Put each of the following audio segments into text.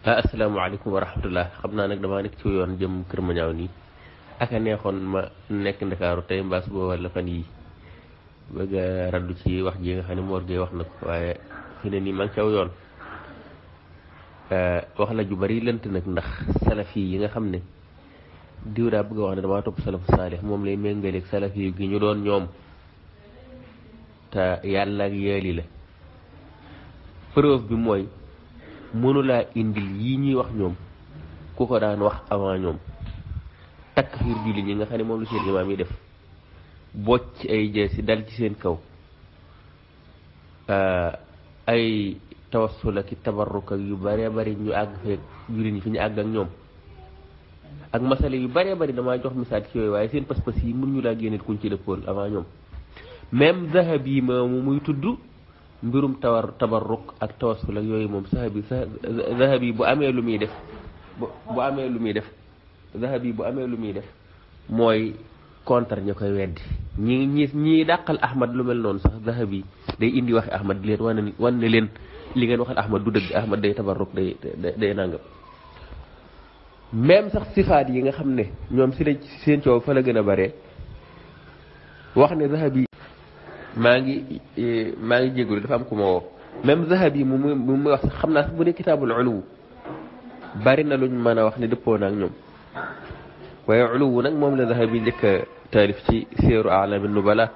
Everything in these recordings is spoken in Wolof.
Ah, asalaamaaleykum wa rahmatullah xam naa nag damaa nekk ci yoon jëm kër ma ñaaw nii ak a neexoon ma nekk ndakaaru tey mbaas boo wala fan yi bëgg raddu ci wax ji nga xam ne wax na ko waaye fi ne ah, ju bari lënt nag ndax salafi yi nga xam ne diw daa bëgg a wax ne damaa topp salafu saalix moom lay méngaleeg salafi yi gi ñu doon ñoom te yàlla ak la preuve bi mooy mënulaa indi yi ñuy wax ñoom ku ko daan wax avant ñoom takk fiir julli ñi nga xam ne moom lu seen imaam yi def bocc ay si dal ci seen kaw ay tawassul ak tabarruk yu bëree bëri ñu àgg feek julli ñi fi ñu àgg ak ñoom ak masale yu bare bëri damaa jox misaal ci yooyu waaye seen pas-pas yi mën ñu laa génneel kuñ ci dëppool avant ñoom même zahab yi ma muy tudd mbirum tawar tabarruk ak tawassul ak yooyu moom sahabi zahabi bu amee lu muy def bu amee lu muy def zahabi bu amee lu muy def mooy contre ña koy weddi ñi ñi ñii dàqal ahmad lu mel noonu sax zahabi day indi waxi ahmad di leen wan wan ne leen li ngeen waxal ahmad du dëgg ahmad day tabarruk day day nangam même sax sifaat yi nga xam ne ñoom si lañ seen coow fa la gën a bare wax ne zahabi maa ngi e, maa ngi jégalu dafa am ku ma woo même yi mu mu mu muy wax sax xam naa sax bu dee kitaabul uluw bari na luñ mën a wax ne dëppoo na ak ñoom waaye uluw nag moom la zahab yi njëkk a taalif ci seeru alami nubala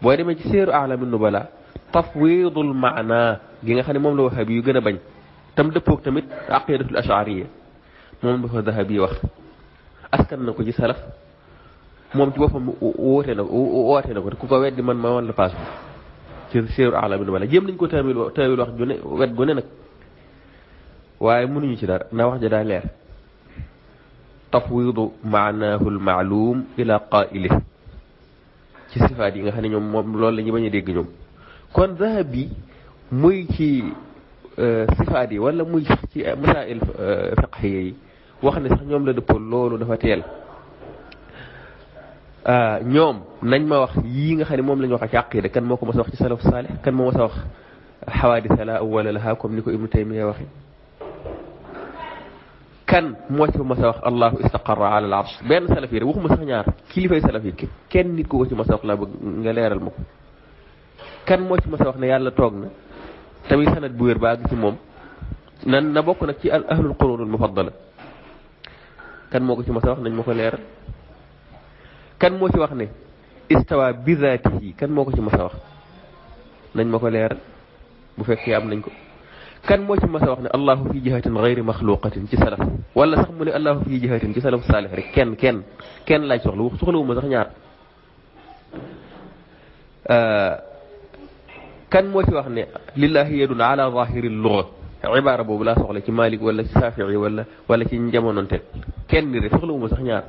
boo demee ci seeru alami nubala tafwidul maana gi nga xam ne moom la wahab yu gën a bañ tam dëppoog tamit aqidatul ashariya moom la ko zahab yi wax askan na ko ci salaf moom ci boppam woote na woote na ko te ku ko weddi man ma wan la paas bi ci séeru aala bi nu wala jéem nañ ko tawil tawil wax ju ne wet gu ne nag waaye mënuñu ci dara na wax ja daa leer tafwidu maanaahu almaaluum ila qaaili ci sifaat yi nga xam ne ñoom moom loolu la ñu a dégg ñoom kon zahab bi muy ci euh, sifaat yi wala muy ci masail euh, fiqhiya yi wax ne sax ñoom la dëppoon loolu dafa teel ñoom nañ ma wax yii nga xam ne moom la ñu wax ak de kan moo ko mos a wax ci salaf salih kan moo mos a wax xawaadisa la awwala laha comme ni ko ibnu taymiya waxe kan moo ci mos a wax allahu istaqarra ala al arsh benn salaf yi rek waxuma sax ñaar kilifay salaf yi kenn nit ko ko ci mos a wax laa bëgg nga leeral ma ko kan moo ci mos a wax ne yàlla toog na tamit sanat bu wér baa ci moom nan na bokk nag ci al ahlul qurunul mufaddala kan moo ko ci mos a wax nañ ma ko leeral kan moo ci wax ne istawa bi zaatihi kan moo ko ci mas a wax nañ ma ko leeral bu fekkee am nañ ko kan moo ci mas a wax ne allahu fi jihatin gayri maxluqatin ci salaf wala sax mu ne allahu fi jihatin ci salaf saalih rek kenn kenn kenn laaj soxla wax soxlawu ma sax ñaar kan moo ci wax ne lillahi yadun ala zahiri luga ibaara boobu laa soxla ci malik wala ci safii wala wala ci njamonontel kenn ni rek soxlawu ma sax ñaar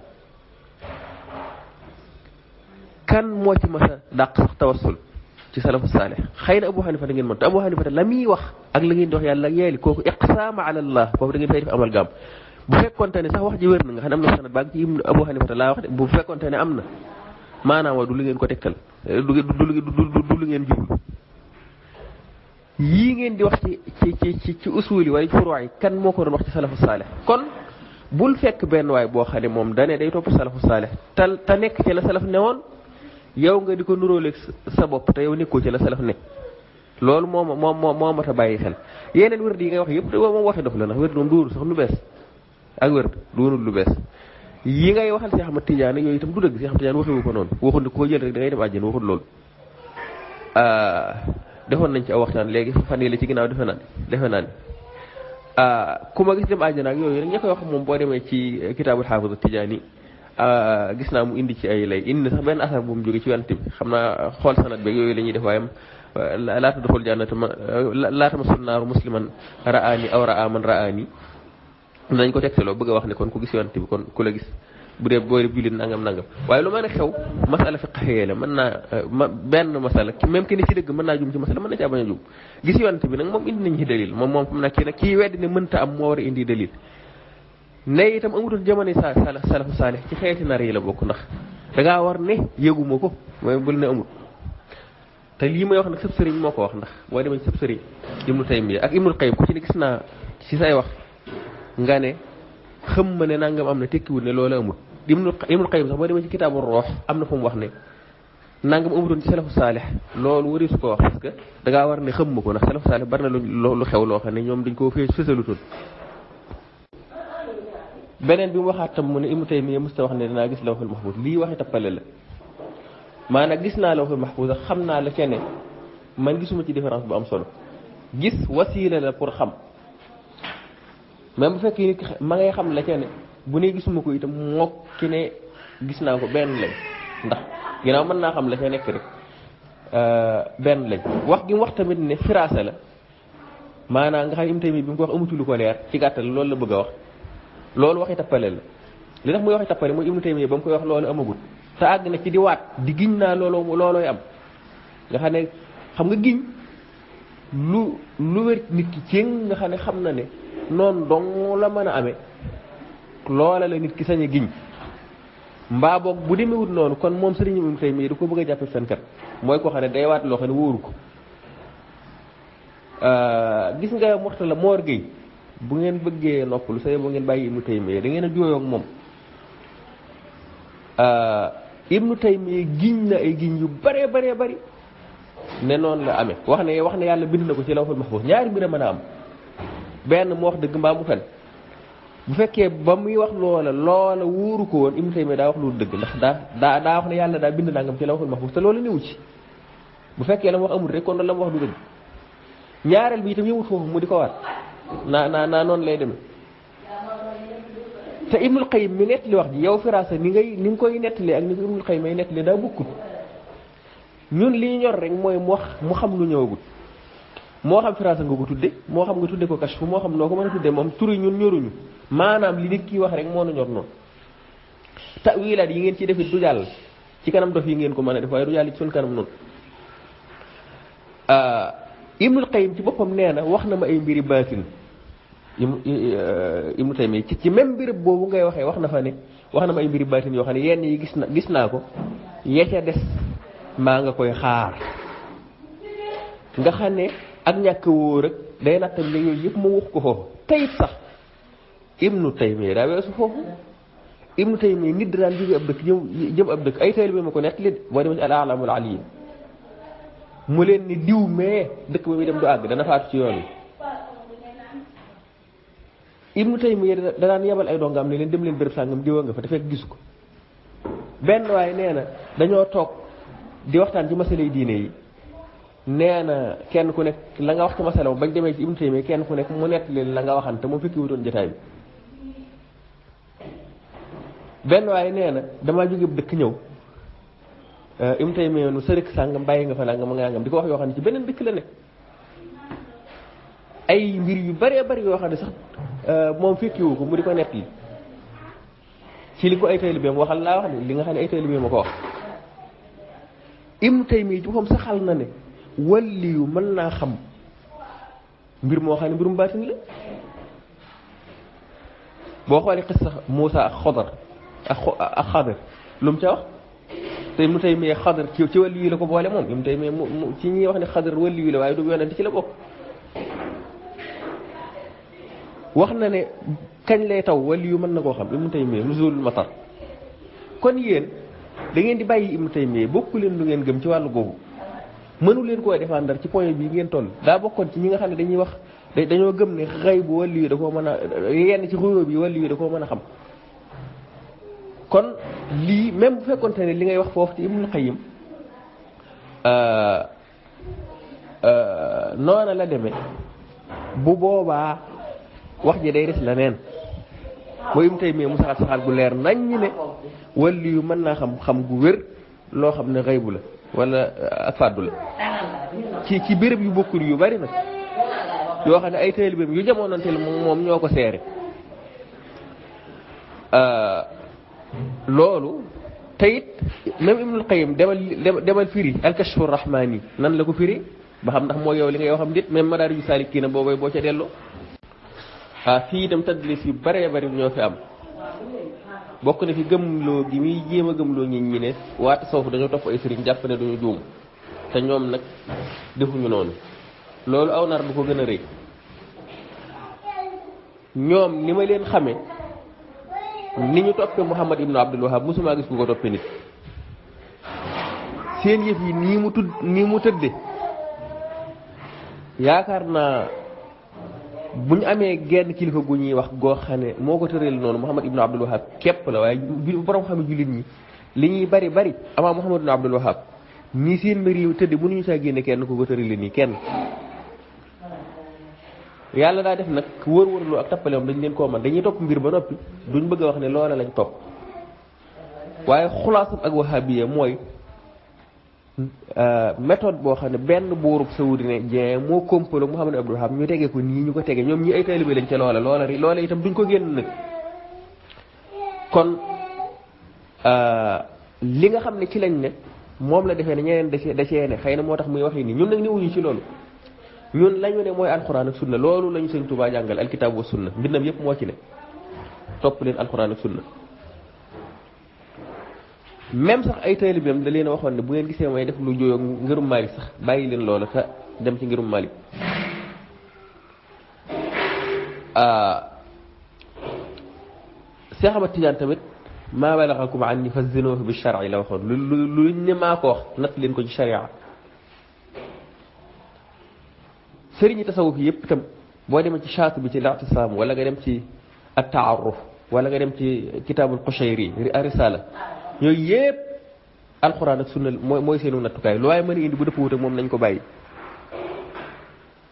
kan moo ci mas a dàq sax tawassul ci salafu saalih xëy na Abu Hanifa fa ngeen mën te Abu Hanifa la muy wax ak la ngeen di wax yàlla yeeli kooku iqsaama ala allah boobu da ngeen fay bu fekkonte ne sax wax ji wér na nga xam ne am na sanad baag ci ne am na maanaam du lu ngeen ko tekkal du du lu ngeen jublu yii ngeen di wax ci ci ci ci usuuli wala ci furuwaay kan moo ko wax ci salafu saalih kon bul fekk benn waay boo xam moom dane day topp salafu saalih te nekk ci la salaf newoon yow nga di ko nuróoleeg sa bopp te yow nekkoo ci la salaf ne loolu moo moom moo moom ma a bàyyi xel yeneen wërd yi ngay wax yëpp moom waxi dof la ndax wërd moom doonul sax lu bees ak wërd doonul lu bees yi ngay waxal Cheikh Ahmad Tidiane yooyu itam du dëgg Cheikh Ahmad Tidiane waxewu ko noon waxul ne koo jël rek da ngay dem àjjana waxul loolu ah, defoon nañ ci a waxtaan léegi fan yii la ci ginnaaw defe naa defe naa ni ah, ku ma gis dem àjjana ak rek ña koy wax moom boo demee ci kitaabul xaafisa Tijaani Euh, gis naa mu indi ci ay lay indi sax benn asar bu mu jóge ci yonent bi xam na euh, xool sanat beeg yooyu la ñuy def waayam euh, laata doxul jannata ma laata ma sunnaaru musliman raani aw raa man raani nañ ko tegtaloo bëgg a wax ne kon ku gis yonent bi kon ku la gis bu dee booy jullit nangam nangam waaye lu ma ne xew masala fi xëyee la mën naa benn masala même que ni ci dëgg mën naa jum ci masala mën na caa bañ a jum gis yonent bi nag moom indi nañ ci dalil moom moom xam naa kii nag kii weddi ne mënta am moo war a indi ne itam amutoon jamono sa salafu saalih ci xeeti nar yi la bokk ndax da war ne yeguma ko mooy bul ne amut te lii may wax nag sëb sëriñ moo ko wax ndax boo demee ci sëb sëriñ ibnu taymiya ak ibnu qayyim ku ci ne gis naa ci say wax nga ne xam ma ne tekkiwul ne loola amut ibnu ibnu qayyim sax boo demee ci kitaabu roox am na fu mu wax ne nangam amutoon ci salafu saalih loolu wari war ne xam ko ndax salafu saalih bari na lu xew loo xam ne ñoom dañ koo fee fësalutoon beneen bi mu waxaat tam mu ne Ibnu Taymiya musta wax ne danaa gis lawhul mahfuz lii waxi tappale la gis naa lawhul mahfuz xam naa la ca ne man ci différence bu am solo gis wasiila la pour xam même bu fekkee nit ma ngay la ca ne bu ne gisuma ko itam mook ki ne gis naa ko benn lañ ndax ginnaaw mën naa xam la ca nekk rek euh, benn lañ wax gi mu wax tamit ne firaasa la naa nga xam Ibnu Taymiya bi mu ko wax amatu ko leer ci gàttal loolu la bëgg a wax loolu waxi tappale la li tax muy waxi tappale mooy ibnu taymiya ba mu koy wax loolu amagut te àgg na ci di waat di giñ naa looloo loolooy am nga xam ne xam nga giñ lu lu wér nit ki céng nga xam ne xam na ne noonu dong la mën a amee loola la nit ki sañ a giñ mbaa boog bu demewut noonu kon moom sëriñ ibnu taymiya du ko bëgg a jàppe fenkat mooy ko xam ne day waat loo xam ne wóoru ko euh, gis nga moxta la moor géey bu ngeen bëggee nopp noppalu say boo ngeen bàyyi ibnu taymiya da ngeen a jooyoog moom euh, ibnu taymiya giñ na ay giñ yu bare bare bari ne noonu la amee wax ne wax ne yàlla bind na ko ci lawhul mahfuz ñaari mbir a mën am benn mu wax dëgg mbaa mu fen bu ba muy wax loola loola wóoru ko woon ibnu taymiya daa wax lu dëgg ndax daa daa daa wax bind nangam ci lawhul mahfuz te loola néewu ci bu fekkee la mu wax amul rek kon la mu wax du dëgg ñaareel bi itam yëmut foofu mu di ko waat naa naa naa noonu lay demee te Ibnul Qayyim mi nettali wax ji yow firaasa ni ngay ni nga koy nettalee ak ni ko Ibnul Qayyim ay nettalee daa bokkut ñun li ñu ñor rek mooy mu wax mu xam lu ñëwagut moo xam firaasa nga ko moo xam nga tudde ko kashfu moo xam noo ko mën a tudde moom turi ñun ñoruñu maanaam li nit wax rek moo na ñor noonu tawilaat yi ngeen ciy defit du jàll ci kanam dof yi ngeen ko mën a def waaye du jàll ci suñ kanam ah, ci boppam nee na wax na ma ay mbiri baatin Ibnu uh, Taymiya ci ci même mbirëb boobu ngay waxee wax na fa ne wax na ma ay mbiri baatin yoo xam ne yenn yi gis na gis naa ko ya ca des maa nga koy xaar nga xam ne ak ñàkk wóor ak day nattam ne yooyu yëpp mu wax ko foofu tayit sax Ibnu Taymiya daa weesu foofu Ibnu Taymiya nit daan jóge ab dëkk jëm ab dëkk ay taalibe ma ko nett li boo demee alamul aliyin mu leen ni diw mee dëkk ba muy dem du àgg dana faatu ci yoon wi ibnu taymiya da daan yebal ay dongaam ne leen dem leen bërëb sàngam diwa nga fa te fekk gisu ko benn waaye nee na dañoo toog di waxtaan ci masalay diine yi nee na kenn ku nekk la nga wax ci masala bañ demee ci ibnu taymiya kenn ku nekk mu nett leen la nga waxante mu fekki wutoon jotaay bi benn waaye nee na damaa jóge dëkk ñëw eh, ibnu taymiya nu sërëk sàngam bàyyi nga fa nangam nga nangam di ko wax yoo xam ne ci benn dëkk la ne ay mbir yu bëree bëri yoo xam ne sax Euh, moom fekkiwu ko mu di ko nekk yi ci li ko ay taalibeem waxal laa wax ne li nga xam ne ay taalibeem ma ko wax Ibnu Taymiya ci boppam saxal na ne waliyu mën naa xam mbir moo xam ne mbirum baatin la boo xoolee sax Muusa ak Xodar ak ak Xadir lu mu ca wax te Ibnu Taymiya Xadar ci ci waliyu la ko boole moom Ibnu Taymiya mu ci ñuy wax ne Xadar waliyu la waaye du yonent ci la bokk wax na ne kañ lay taw wala yu mën na koo xam ibnu taymiya nuzulul matar kon yéen da ngeen di bàyyi ibnu taymiya bokku leen lu ngeen gëm ci wàllu googu mënu leen koo défendre ci point bi ngeen toll daa bokkoon ci ñi nga xam ne dañuy wax dañoo gëm ne xëy bu wàllu yu koo mën a yenn ci xuyóo bi wàllu yu da koo mën a xam kon lii même bu fekkonte ne li ngay wax foofu ci ibnu xayim euh, euh, noona la demee bu boobaa wax ji day des la neen mooy um tey mii mu saxaat saxaat gu leer nañ ñi ne wàllu yu mën naa xam xam gu wér loo xam ne xëy bu la wala euh, fàddu la ci ci béréb yu bokkul yu bari nag yoo xam ne ay taalibeem yu jamonoonteel moom ñoo ko seere euh, loolu tayit même Ibnul Qayyim demal demal firi alkashfu rahmaani nan la ko firi ba xam ndax moo yow li ngay waxam dit même madaari yu saalikiina boobay boo ca delloo ah fii itam tadlis yu bëree bëri ñoo fi am bokk na fi gëmloo gi muy jéem a gëmloo ñi ñi ne waa tasawuf dañoo topp ay sëriñ jàpp ne duñu juum te ñoom nag defuñu noonu loolu aw nar du ko gën a rëy ñoom ni ma leen xame ni ñu toppee Muhammad ibnu Abdul Wahab mosuma gis ku ko toppee nit seen yëf yi nii mu tudd nii mu tëdde yaakaar naa bu ñu amee genn kilifa gu ñuy wax goo ne moo ko tëral noonu Muhammad ibnu Abdul Wahab kepp la waaye borom xam ne jullit ñi li ñuy bari bari amaa Muhammad ibnu Abdul Wahab nii seen mbir yi tëdd mënuñu saa génn kenn ku ko tëralee nii kenn. yàlla daa def nag wër wërloo ak tappaleem dañ leen koo man dañuy topp mbir ba noppi duñ bëgg a wax ne loola lañu topp waaye xulaasam ak wahabiya mooy. Euh, méthode boo xam ne benn buurub saoudien moo komplo Mouhamed Abdul Wahab ñu tege ko nii ñu ko tegee ñoom ñi ay taalibe lañ ca loola loola loola itam ñu ko génn nag kon euh, li nga xam ne ci lañ ne moom la defee ne ñeneen da cee da cee ne xëy na moo tax muy wax nii ñun nag newuñu ci loolu ñun lañu ne mooy alxuraan ak sunna loolu lañu sëñ Tuubaa jàngal alkitaab wa sunna mbindam yëpp moo ci ne topp leen alxuraan ak sunna même sax ay taalibeem da leen a waxoon ne bu ngeen gisee may def lu jóoyoo ngërum Malik sax bàyyi leen loola te dem ci ngërum Malik Seex Ahmad Tijaan tamit maa balagakum anni fazinuhu bi shar'i la waxoon lu lu ne maa ko wax natt leen ko ci sharia sëriñi tasawuf yëpp tam boo demee ci chaatu bi ci latisaam wala nga dem ci at taaruf wala nga dem ci kitabul Qushayri risala yooyu yëpp alxuraan ak sunna mooy mooy seenu nattukaay lu waaye mën a indi bu dëpp wut ak moom nañ ko bàyyi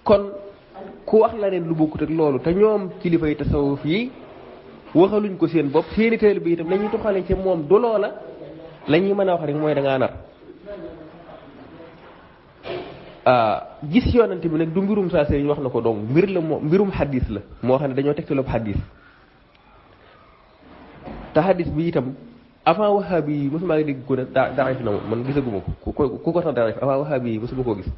kon ku wax la neen lu bokkut loolu te ñoom kilifa yi tasawuf yi waxaluñ ko seen bopp seeni teel bi itam lañuy toxalee ci moom du loola la ñuy mën a wax rek mooy da ngaa nar ah, gis yoonante bi nag du mbirum saa sëriñ wax na ko doom mbir la moo mbirum xaddis la moo xam ne dañoo teg ci lopp xaddis te xaddis bi itam avant wahaabi yi mosuma dégg ko ne daa daif na man gisaguma ko ku ko tax daif avant wahaabi yi mosuma koo gis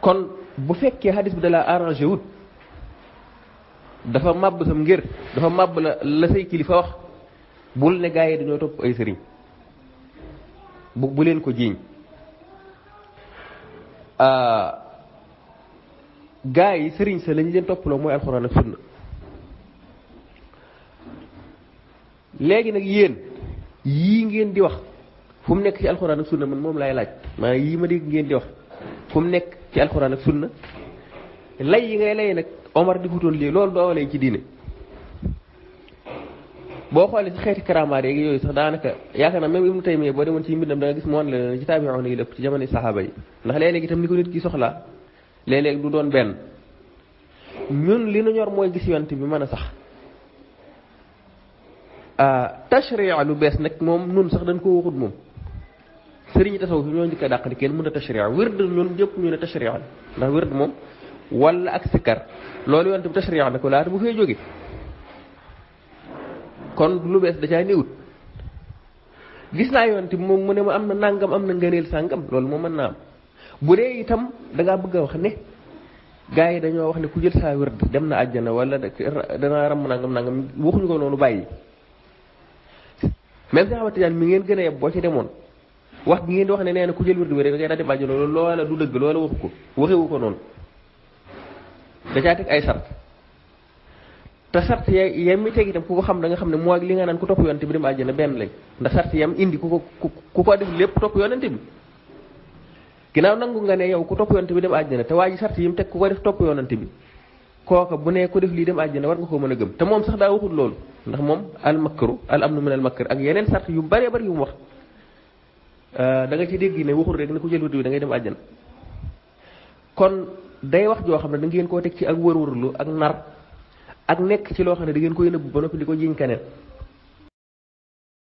kon bu fekkee hadis bi da laa wut dafa màbb sam ngir dafa màbb la la say kilifa wax bu ne gaa yi dañoo topp ay sëriñ bu bu leen ko jiiñ ah, gaa yi sëriñ sa lañ leen toppaloo mooy alxuraan ak sunna léegi nag yéen yii ngeen di wax fu mu nekk ci alxuraan ak sunna man moom laay laaj maanaam yii ma dégg ngeen di wax fu mu nekk ci alxuraan ak sunna lay yi ngay lay nag Omar di futoon lii loolu doo lay ci diine boo xoolee ci xeeti karamaare yooyu sax daanaka yaakaar naa même Ibnu Taymiya boo demoon ci mbindam da nga gis moo wan la ci taabi'oon yi lépp ci ndax léeg-léeg itam ni ko nit ki soxlaa léeg-léeg du doon benn ñun li nu ñor mooy gis yonent bi mën a sax tashriic lu bes nak mom nun sax dañ ko waxut moom sëriñ tasawuf ñoo njëkk a dàq ni kenn mën a tashriic wird ñun ñëpp ñu ne tashriic ndax wird mom wala ak sikkar loolu yoon bu tashriic nak ko bu fay jóge kon lu bes da cay neewut gis na yoon mom mu ne ma am na nangam am na ngëneel sàngam loolu mo mën naa am bu dee itam da nga bëgg wax ne gaay dañoo wax ne ku jël saa wird dem na àjjana wala dana ram nangam nangam waxuñu ko noonu bàyyi même Cheikh Ahmad Tidiane mi ngeen gën a yeb boo ci demoon wax bi ngeen di wax ne nee na ku jël wird bi rek da ngay daal di bàjj loolu loola du dëgg ko noonu da caa ay sart te sart ya yem mi teg ko xam da nga xam ne moo ak li nga naan ku topp yonent bi dem àjjana benn lañ ndax sart yam indi ku ko ku ko def lépp topp yonent bi ginnaaw nangu nga ne yow ku topp yonent bi dem àjjana te waa ji sart yi teg ku ko def topp yonent bi kooka bu ne ko def lii dem àjjana war nga koo mën a gëm te moom sax daa waxul loolu ndax moom al makru al amnu min al makr ak yeneen sart yu bëree bëri yu mu wax euh, da nga ci dégg ne waxul rek ne ku jël wut bi da dem àjjana kon day wax joo xam ne da ngeen koo teg ci ak wër-wërlu ak nar ak nekk ci loo xam ne da ngeen koy nëbb ba noppi di ko jiñ keneen